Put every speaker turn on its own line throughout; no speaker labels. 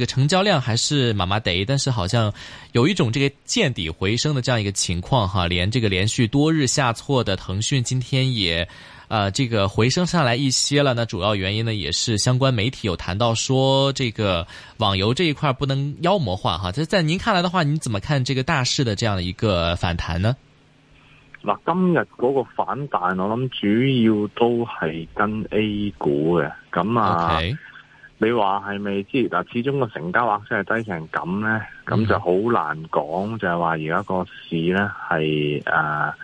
這個成交量還是麻麻地，但是好像有一種這個見底回升的這樣一個情況哈。連這個連續多日下挫的騰訊今天也，呃，這個回升上來一些了。那主要原因呢，也是相關媒體有談到說，這個網遊這一塊不能妖魔化哈。這在您看來的話，您怎麼看這個大勢的這樣的一個反彈呢？
嗱，今日嗰個反彈，我諗主要都係跟 A 股嘅，咁啊。Okay. 你話係咪即係嗱？始終個成交額真係低成咁咧，咁、mm -hmm. 就好難講。就係話而家個市咧係誒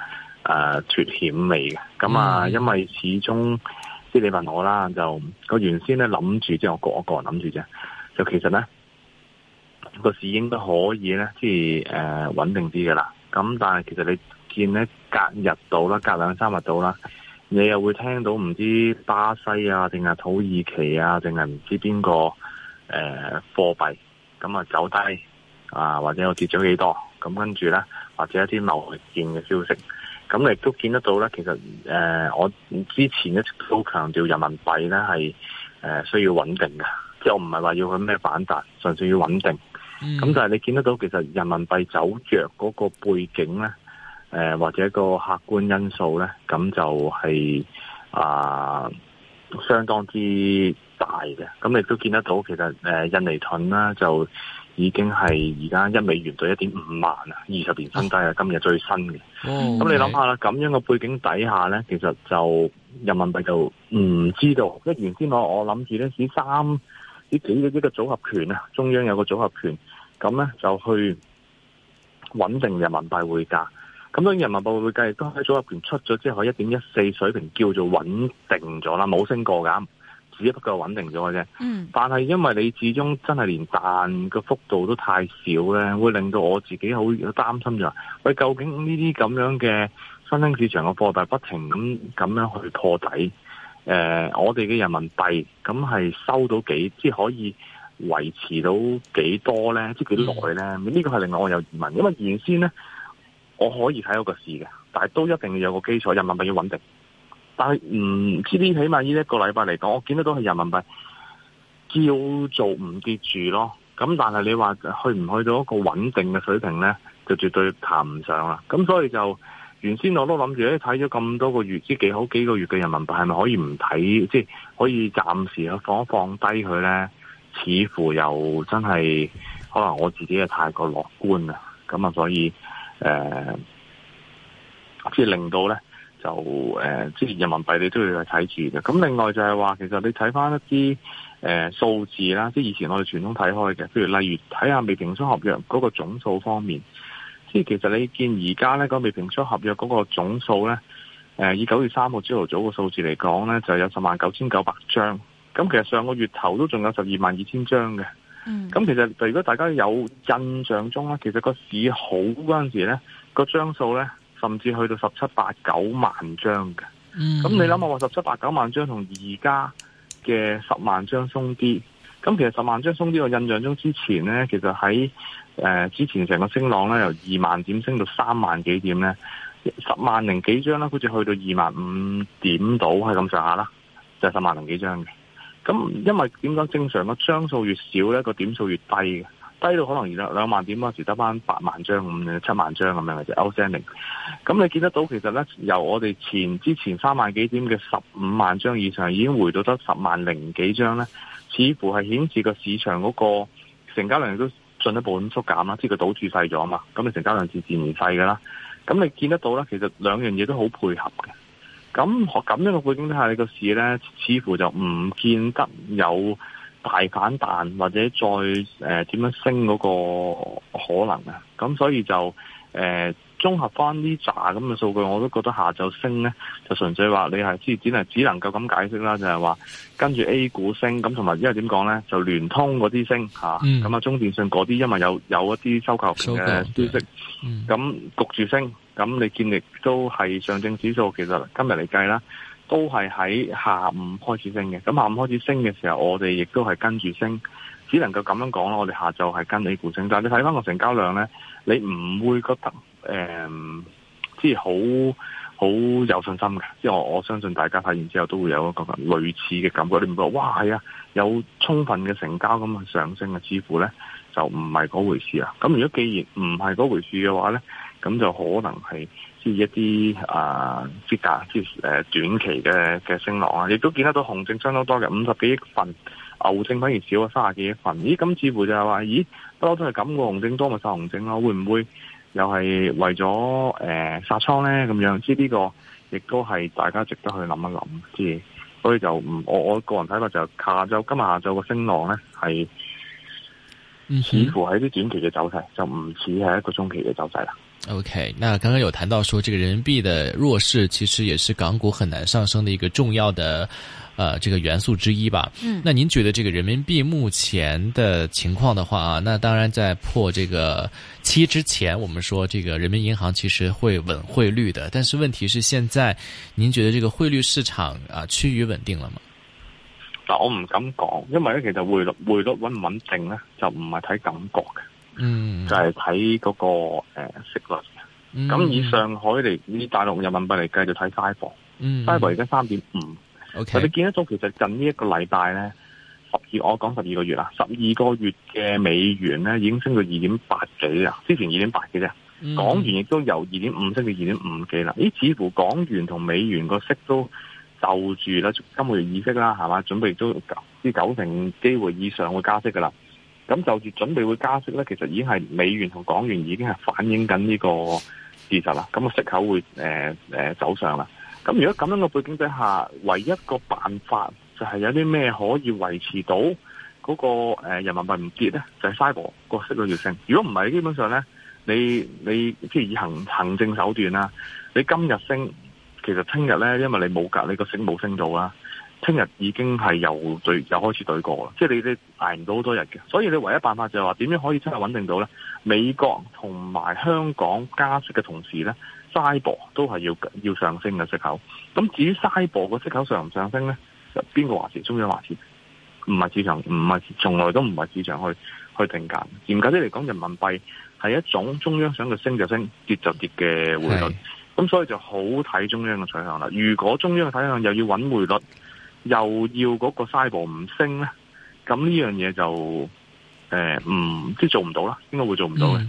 誒脫險未嘅。咁、呃、啊，呃 mm -hmm. 因為始終即係你問我啦，就個原先咧諗住，即係我個我個人諗住啫。就其實咧個市應該可以咧，即係誒穩定啲噶啦。咁但係其實你見咧隔日到啦，隔兩三日到啦。你又會聽到唔知巴西啊，定係土耳其啊，定係唔知邊個誒貨幣咁啊走低啊，或者我跌咗幾多咁，跟住咧或者一啲貿易戰嘅消息，咁你都見得到咧。其實誒、呃，我之前一直都強調人民幣咧係誒需要穩定嘅，即係我唔係話要佢咩反彈，純粹要穩定。咁但係你見得到其實人民幣走弱嗰個背景咧？誒、呃，或者一個客觀因素咧，咁就係、是、啊、呃，相當之大嘅。咁亦都見得到，其實誒、呃，印尼盾啦，就已經係而家一美元兌一點五萬啦，二十年新低啊，今日最新嘅。咁、哦、你諗下啦，咁樣嘅背景底下咧，其實就人民幣就唔知道。一原先我我諗住咧，呢三呢幾嘅呢個組合拳啊，中央有個組合拳，咁咧就去穩定人民幣匯價。咁當然，人民幣匯率都喺組合入邊出咗之後，一點一四水平叫做穩定咗啦，冇升過㗎，只不過穩定咗嘅啫。嗯。但係因為你始終真係連彈嘅幅度都太少咧，會令到我自己好擔心就係喂，究竟呢啲咁樣嘅新興市場嘅貨幣不停咁咁樣去破底，誒、呃，我哋嘅人民幣咁係收到幾，即係可以維持到幾多咧？即係幾耐咧？呢、嗯這個係令我有疑問，因為原先咧。我可以睇到個市嘅，但係都一定要有個基礎，人民幣要穩定。但係唔知呢，起碼呢一個禮拜嚟講，我見到都係人民幣叫做唔跌住咯。咁但係你話去唔去到一個穩定嘅水平呢，就絕對談唔上啦。咁所以就原先我都諗住睇咗咁多個月，即幾好幾個月嘅人民幣係咪可以唔睇，即係可以暫時啊放一放低佢呢？似乎又真係可能我自己係太過樂觀啦。咁啊，所以。誒、呃呃，即係令到咧，就誒，之前人民幣你都要去睇住嘅。咁另外就係話，其實你睇翻一啲誒、呃、數字啦，即係以前我哋傳統睇開嘅，譬如例如睇下未平倉合約嗰個總數方面，即係其實你見而家咧個未平倉合約嗰個總數咧，誒、呃、以九月三號朝頭早個數字嚟講咧，就有十萬九千九百張。咁其實上個月頭都仲有十二萬二千張嘅。咁、嗯、其實，如果大家有印象中咧，其實個市好嗰陣時咧，個張數咧，甚至去到十七八九萬張嘅。咁、嗯、你諗下，話十七八九萬張同而家嘅十萬張鬆啲。咁其實十萬張鬆啲，我印象中之前咧，其實喺誒、呃、之前成個升浪咧，由二萬點升到三萬幾點咧，十萬零幾張啦。好似去到二萬五點度，係咁上下啦，就係、是、十萬零幾張嘅。咁，因為點講？正常個張數越少呢，個點數越低，低到可能而家兩萬點嗰時得返八萬張咁樣，七萬張咁樣嘅啫。Outstanding 咁你見得到其實呢，由我哋前之前三萬幾點嘅十五萬張以上，已經回到得十萬零幾張呢，似乎係顯示個市場嗰個成交量都進一步咁縮減啦，即係佢賭注細咗嘛，咁你成交量自自然細㗎啦。咁你見得到咧，其實兩樣嘢都好配合嘅。咁咁樣嘅背景下，你個市咧似乎就唔見得有大反彈，或者再誒點、呃、樣升嗰個可能嘅。咁所以就誒、呃、綜合翻呢扎咁嘅數據，我都覺得下晝升咧，就純粹話你係只能只能夠咁解釋啦，就係、是、話跟住 A 股升，咁同埋因為點講咧，就聯通嗰啲升嚇，咁、嗯、啊中電信嗰啲，因為有有一啲收購嘅消息。咁焗住升，咁你見嚟都係上證指數，其實今日嚟計啦，都係喺下午開始升嘅。咁下午開始升嘅時候，我哋亦都係跟住升，只能夠咁樣講啦。我哋下晝係跟你伴升，但係你睇翻個成交量咧，你唔會覺得誒、呃，即係好好有信心嘅。即係我相信大家睇完之後都會有一個類似嘅感覺，你唔會話哇係啊，有充分嘅成交咁去上升嘅，似乎咧。就唔係嗰回事啊！咁如果既然唔係嗰回事嘅話咧，咁就可能係即係一啲啊啲價，即係短期嘅嘅升浪啊！亦都見得到熊證相當多嘅五十幾億份，牛證反而少咗卅幾億份。咦？咁似乎就係、是、話，咦？不嬲都係咁喎，熊證多咪殺熊證咯？會唔會又係為咗誒、呃、殺倉咧？咁樣知呢、這個亦都係大家值得去諗一諗知。所以就唔我我個人睇法就下晝今日下晝個升浪咧係。嗯，似乎係一啲短期嘅走勢，就唔似係一個中期嘅走勢啦。
OK，那剛剛有談到說，這個人民幣的弱勢其實也是港股很難上升的一個重要的，呃，這個元素之一吧。嗯，那您覺得這個人民幣目前的情況的話啊，啊那當然在破這個七之前，我們說這個人民銀行其實會穩匯率的。但是問題是，現在您覺得這個匯率市場啊趨於穩定了嗎？
嗱，我唔敢講，因為咧其實匯率匯率穩唔穩定咧，就唔係睇感覺嘅，
嗯，
就係睇嗰個息率。咁、嗯、以上海嚟，以大陸人民幣嚟，繼續睇街貨，嗯，街貨而家三點五，我哋你見得到其實近個呢一個禮拜咧，十二我講十二個月啦，十二個月嘅美元咧已經升到二點八幾啦，之前二點八幾啫，港元亦都由二點五升到二點五幾啦，咦？似乎港元同美元個息都。就住今個月議息啦，係嘛？準備都啲九成機會以上會加息噶啦。咁就住準備會加息咧，其實已經係美元同港元已經係反映緊呢個事實啦。咁啊，息口會誒、呃、走上啦。咁如果咁樣嘅背景底下，唯一,一個辦法就係有啲咩可以維持到嗰、那個、呃、人民幣唔跌咧，就係、是、cyber 個息率要升。如果唔係，基本上咧，你你譬如以行行政手段啦，你今日升。其實聽日咧，因為你冇隔，你個息冇升到啦。聽日已經係又對，又開始對過啦。即係你你挨唔到好多日嘅，所以你唯一辦法就係話點樣可以真係穩定到咧？美國同埋香港加息嘅同時咧，嘥磅都係要要上升嘅息口。咁至於嘥磅個息口上唔上升咧，邊個話事？中央話事？唔係市場，唔係從來都唔係市場去去定價。嚴格啲嚟講，人民幣係一種中央想佢升就升、跌就跌嘅匯率。咁所以就好睇中央嘅取向啦。如果中央嘅取向又要穩匯率，又要嗰個 Shibor 唔升咧，咁呢樣嘢就誒唔、呃、即係做唔到啦。應該會做唔到嘅。佢、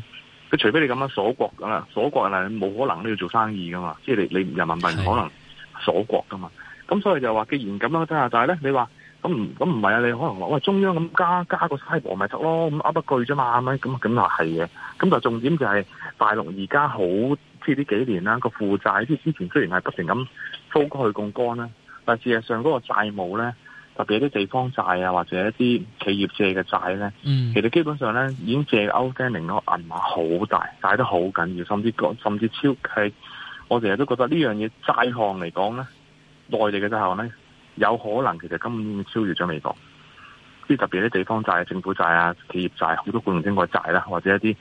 嗯、除非你咁樣鎖國咁啦，鎖國啊，你冇可能都要做生意噶嘛。即係你你人民幣可能鎖國噶嘛。咁所以就話，既然咁樣嘅下，但係咧，你話？咁唔咁唔係啊！你可能話：喂，中央咁加加個規模咪得咯？咁噏一句啫嘛？咁咁又係嘅。咁就重點就係大陸而家好，即係呢幾年啦個負債。即係之前雖然係不停咁瘋過去槓桿啦，但係事實上嗰個債務咧，特別啲地方債啊，或者一啲企業借嘅債咧、嗯，其實基本上咧已經借歐菲零嗰銀碼好大，大得好緊要，甚至甚至超巨。我成日都覺得呢樣嘢債項嚟講咧，內地嘅債項咧。有可能其實根本超越咗美國，啲特別啲地方債、政府債啊、企業債，好多固定徵過債啦，或者一啲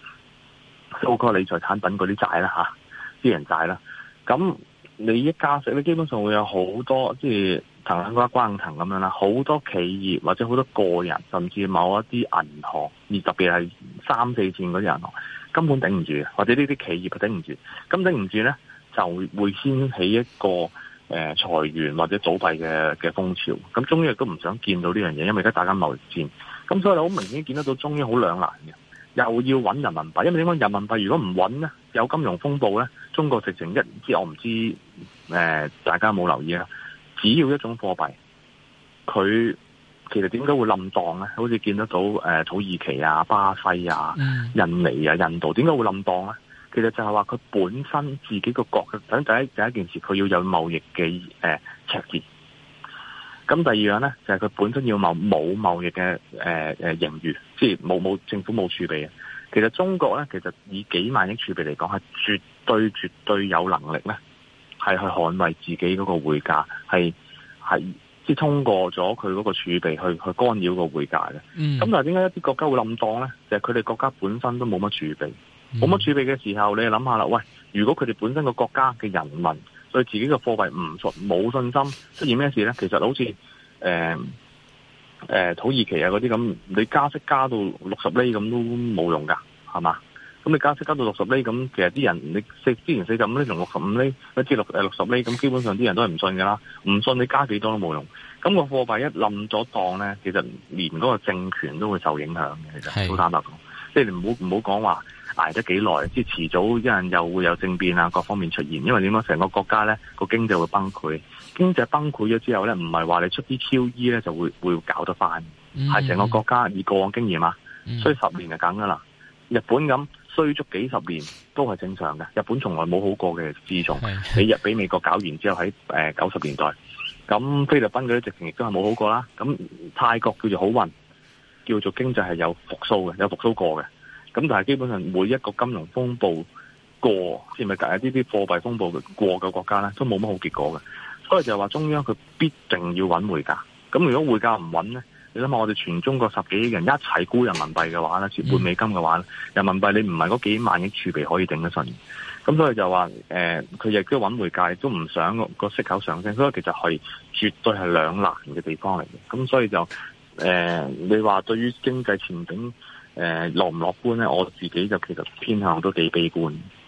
高科理財產品嗰啲債啦吓、啊，私人債啦。咁、啊、你一加息咧，你基本上會有好多即係騰空甩關騰咁樣啦。好多企業或者好多個人，甚至某一啲銀行，而特別係三四線嗰啲銀行，根本頂唔住，或者呢啲企業佢頂唔住。咁頂唔住咧，就會先起一個。誒，裁員或者倒閉嘅嘅風潮，咁中央亦都唔想見到呢樣嘢，因為而家打緊貿易戰，咁所以好明顯見得到中央好兩難嘅，又要穩人民幣，因為點解人民幣如果唔穩呢？有金融風暴呢，中國直情一，即我唔知道，誒、呃，大家有冇留意啦，只要一種貨幣，佢其實點解會冧檔呢？好似見得到誒、呃，土耳其啊、巴西啊、印尼啊、印度，點解會冧檔呢？其實就係話佢本身自己個國嘅，等第，第一件事，佢要有貿易嘅誒赤字。咁第二樣咧，就係、是、佢本身要貿冇貿易嘅誒誒盈餘，即係冇冇政府冇儲備。其實中國咧，其實以幾萬億儲備嚟講，係絕對絕對有能力咧，係去捍衛自己嗰個匯價，係係即係通過咗佢嗰個儲備去去干擾個匯價嘅。咁、嗯、但係點解一啲國家會冧當咧？就係佢哋國家本身都冇乜儲備。冇乜儲備嘅時候，你又諗下啦，喂，如果佢哋本身個國家嘅人民對自己嘅貨幣唔信、冇信心，出現咩事咧？其實好似誒誒土耳其啊嗰啲咁，你加息加到六十厘咁都冇用噶，係嘛？咁你加息加到六十厘咁，其實啲人你四之前四十蚊，呢同六十五厘，去至六誒六十厘咁基本上啲人都係唔信噶啦，唔信你加幾多都冇用。咁個貨幣一冧咗檔咧，其實連嗰個政權都會受影響嘅，其實好坦白講，即係你唔好唔好講話。挨得幾耐？即係遲早有人又會有政變啊，各方面出現。因為點解成個國家咧個經濟會崩潰？經濟崩潰咗之後咧，唔係話你出啲 QE 咧就會，會搞得翻。係、嗯、成個國家以過往經驗啊，衰、嗯、十年就梗噶啦。日本咁衰足幾十年都係正常嘅。日本從來冇好過嘅，自從俾日俾美國搞完之後喺誒九十年代。咁菲律賓嗰啲直情亦都係冇好過啦。咁泰國叫做好運，叫做經濟係有復甦嘅，有復甦過嘅。咁但係基本上每一個金融風暴過，係咪第一啲啲貨幣風暴過嘅國家呢，都冇乜好結果嘅。所以就話中央佢必定要揾匯價。咁如果匯價唔揾呢，你諗下我哋全中國十幾億人一齊沽人民幣嘅話呢，折換美金嘅話，人民幣你唔係嗰幾萬億儲備可以頂得順。咁所以就話誒，佢亦都揾匯價，亦都唔想個息口上升。所以其實係絕對係兩難嘅地方嚟嘅。咁所以就、呃、你話對於經濟前景。誒樂唔樂觀咧？我自己就其實偏向都幾悲觀。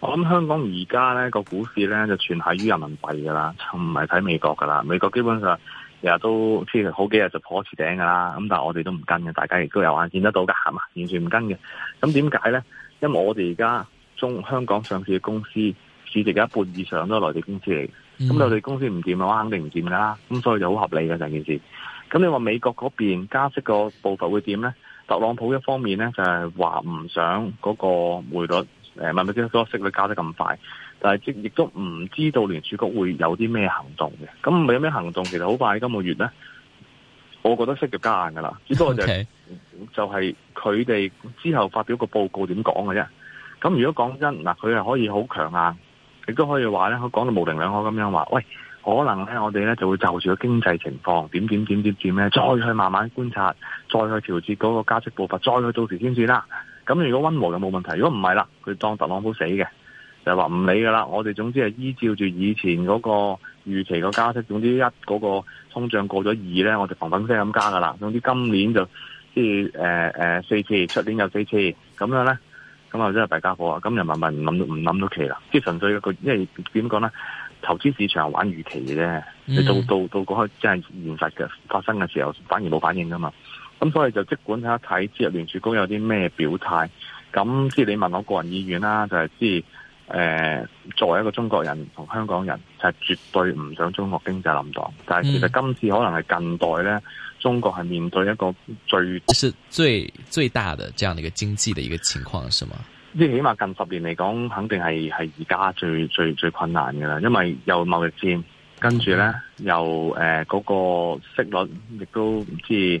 我諗香港而家咧個股市咧就全喺於人民幣噶啦，就唔係睇美國噶啦。美國基本上日日都即係好幾日就破次頂噶啦。咁但係我哋都唔跟嘅，大家亦都有眼見得到噶，係嘛，完全唔跟嘅。咁點解咧？因為我哋而家中香港上市嘅公司市值嘅一半以上都係內地公司嚟嘅，咁內地公司唔掂嘅話，肯定唔掂噶啦。咁所以就好合理嘅成件事。咁你話美國嗰邊加息個步伐會點咧？特朗普一方面咧就係話唔想嗰個匯率。誒慢慢只個息率加得咁快，但係亦都唔知道聯儲局會有啲咩行動嘅。咁有咩行動？其實好快今個月咧，我覺得息加就加硬噶啦。只不過、okay. 就就係佢哋之後發表個報告點講嘅啫。咁如果講真嗱，佢係可以好強硬，亦都可以話咧，佢講到模棱兩可咁樣話，喂，可能咧我哋咧就會就住個經濟情況點點點點點咧，再去慢慢觀察，再去調節嗰個加息步伐，再去到時先算啦。咁如果溫和就冇問題，如果唔係啦，佢當特朗普死嘅，就話唔理噶啦。我哋總之係依照住以前嗰個預期個加息，總之一嗰個通脹過咗二咧，我就砰砰聲咁加噶啦。總之今年就即係誒誒四次，出年又四次，咁樣咧，咁啊真係大鑊啊。咁又慢慢唔諗唔諗到期啦，即係純粹一個因為點講咧，投資市場玩預期嘅，你到，嗯、到到嗰個真係現實嘅發生嘅時候，反而冇反應噶嘛。咁所以就即管睇一睇，即係聯署公有啲咩表態。咁即係你問我個人意願啦，就係即係誒作為一個中國人同香港人，就係、是、絕對唔想中國經濟冧檔。但係其實今次可能係近代咧，中國係面對一個最、嗯、最最大的這樣的一個
經濟的一個情況，係嘛，
即係起碼近十年嚟講，肯定係係而家最最最困難嘅啦，因為有貿易戰，跟住咧又誒嗰、呃那個息率亦都唔知。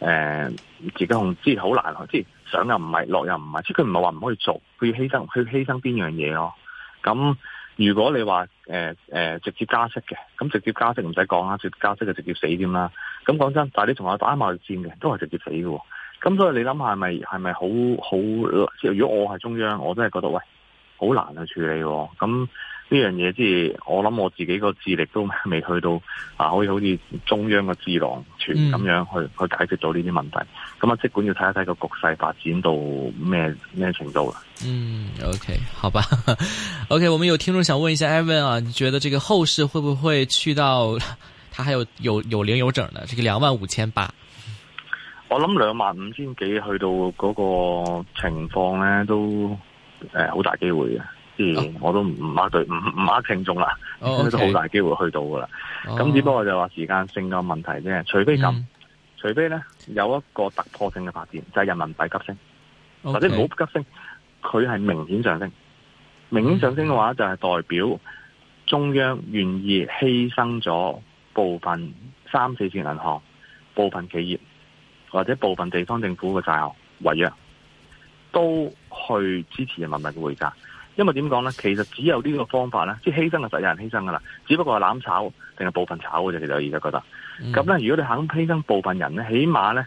誒、呃，自己控制好難，即係上又唔係，落又唔係，即係佢唔係話唔可以做，佢要犧牲，佢要犧牲邊樣嘢咯？咁如果你話誒誒直接加息嘅，咁直接加息唔使講啦，直接加息就直接死添啦。咁講真，但係你同我打貿易戰嘅，都係直接死嘅，啊。咁所以你諗下是是，係咪係咪好好？如果我係中央，我都係覺得喂，好難去處理，啊。咁。呢樣嘢即係我諗我自己個智力都未去到啊，可以好似中央嘅智囊團咁樣去、嗯、去解決咗呢啲問題。咁啊，即管要睇一睇個局勢發展到咩咩程度啦。嗯
，OK，好吧。OK，我們有聽眾想問一下 Evan 啊，你覺得這個後市會不會去到？佢還有有有零有整的？這個兩萬五千八。
我諗兩萬五千幾去到嗰個情況呢，都誒好、呃、大機會嘅。 我都唔厄對唔唔厄聽眾啦，
咁、oh, okay. 都好大
機會去到噶啦。咁、oh. 只不過就話時間性嘅問題啫，除非咁，mm. 除非呢有一個突破性嘅發展，就係、是、人民幣急升，okay. 或者唔好急升，佢係明顯上升，明顯上升嘅話就係代表中央願意犧牲咗部分三四線銀行、部分企業或者部分地方政府嘅債務違約，都去支持人民幣嘅匯價。因為點講咧？其實只有呢個方法咧，即係犧牲係實有人犧牲噶啦，只不過係攬炒定係部分炒嘅啫。其實我而家覺得，咁、mm. 咧如果你肯犧牲部分人咧，起碼咧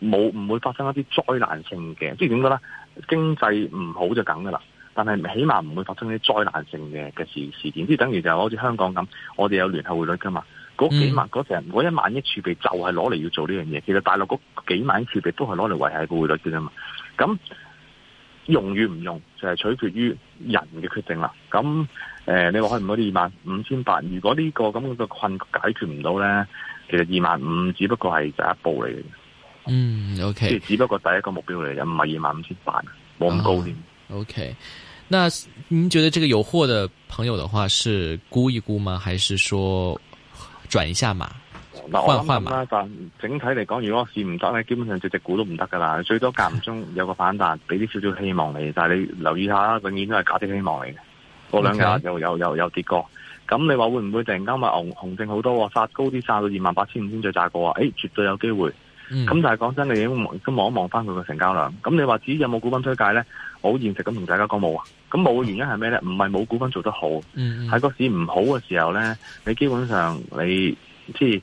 誒冇唔會發生一啲災難性嘅，即係點講咧？經濟唔好就梗噶啦，但係起碼唔會發生啲災難性嘅嘅事事件，即係等於就好似香港咁，我哋有聯繫匯率噶嘛，嗰、mm. 幾萬嗰成嗰一萬億儲備就係攞嚟要做呢樣嘢。其實大陸嗰幾萬億儲備都係攞嚟維係個匯率嘅嘛，咁。用與唔用就係、是、取決於人嘅決定啦。咁誒、呃，你話可唔可以二萬五千八，如果呢、這個咁嘅、那個、困難解決唔到咧，其實二萬五只不過係第一步嚟嘅。嗯，OK。即只不過第一個目標嚟嘅，唔係二萬五千八，冇咁高添。
OK。那您覺得這個有貨的朋友的話，是估一估嗎？還是說轉一下碼？
嗱，我諗咁啦，但整體嚟講，如果市唔得咧，基本上隻隻股都唔得噶啦。最多間唔中有個反彈，俾啲少少希望你。但係你留意下，永遠都係假啲希望嚟嘅。嗰兩日又又又又跌過，咁你話會唔會突然間咪紅紅剩好多？殺高啲，殺到二萬八千五千再炸過啊？誒、欸，絕對有機會。咁但係講真，你已經望一望翻佢個成交量。咁你話至於有冇股份推介咧？我好現實咁同大家講冇啊。咁冇嘅原因係咩咧？唔係冇股份做得好。喺個市唔好嘅時候咧，你基本上你即係。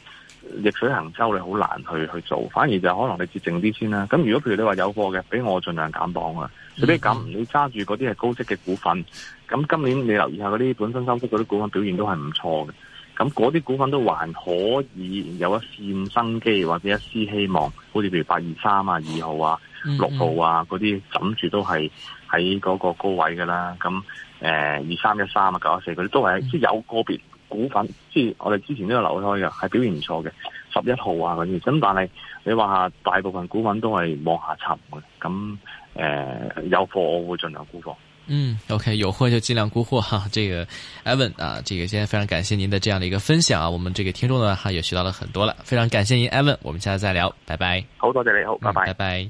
逆水行舟，你好難去去做，反而就可能你節淨啲先啦。咁如果譬如你話有貨嘅，俾我盡量減磅啊，最屘減唔到，揸住嗰啲係高息嘅股份。咁今年你留意下嗰啲本身收息嗰啲股份表現都係唔錯嘅。咁嗰啲股份都還可以有一線生機或者一絲希望，好似譬如八二三啊、二號啊、六號啊，嗰啲枕住都係喺嗰個高位㗎啦。咁誒，二三一三啊、九一四啲都係即係有個別。股份，即係我哋之前都有留開嘅，係表現唔錯嘅，十一號啊嗰啲，咁但係你話大部分股份都係往下沉嘅，咁誒、呃、有貨我會盡量沽貨。
嗯，OK，有貨就盡量沽貨哈，這個 Evan 啊，這個今天非常感謝您的這樣的一個分享啊，我們這個聽眾呢哈也學到了很多了，非常感謝您 Evan，我們下次再聊，拜拜。好多謝你好，嗯，拜拜拜，拜。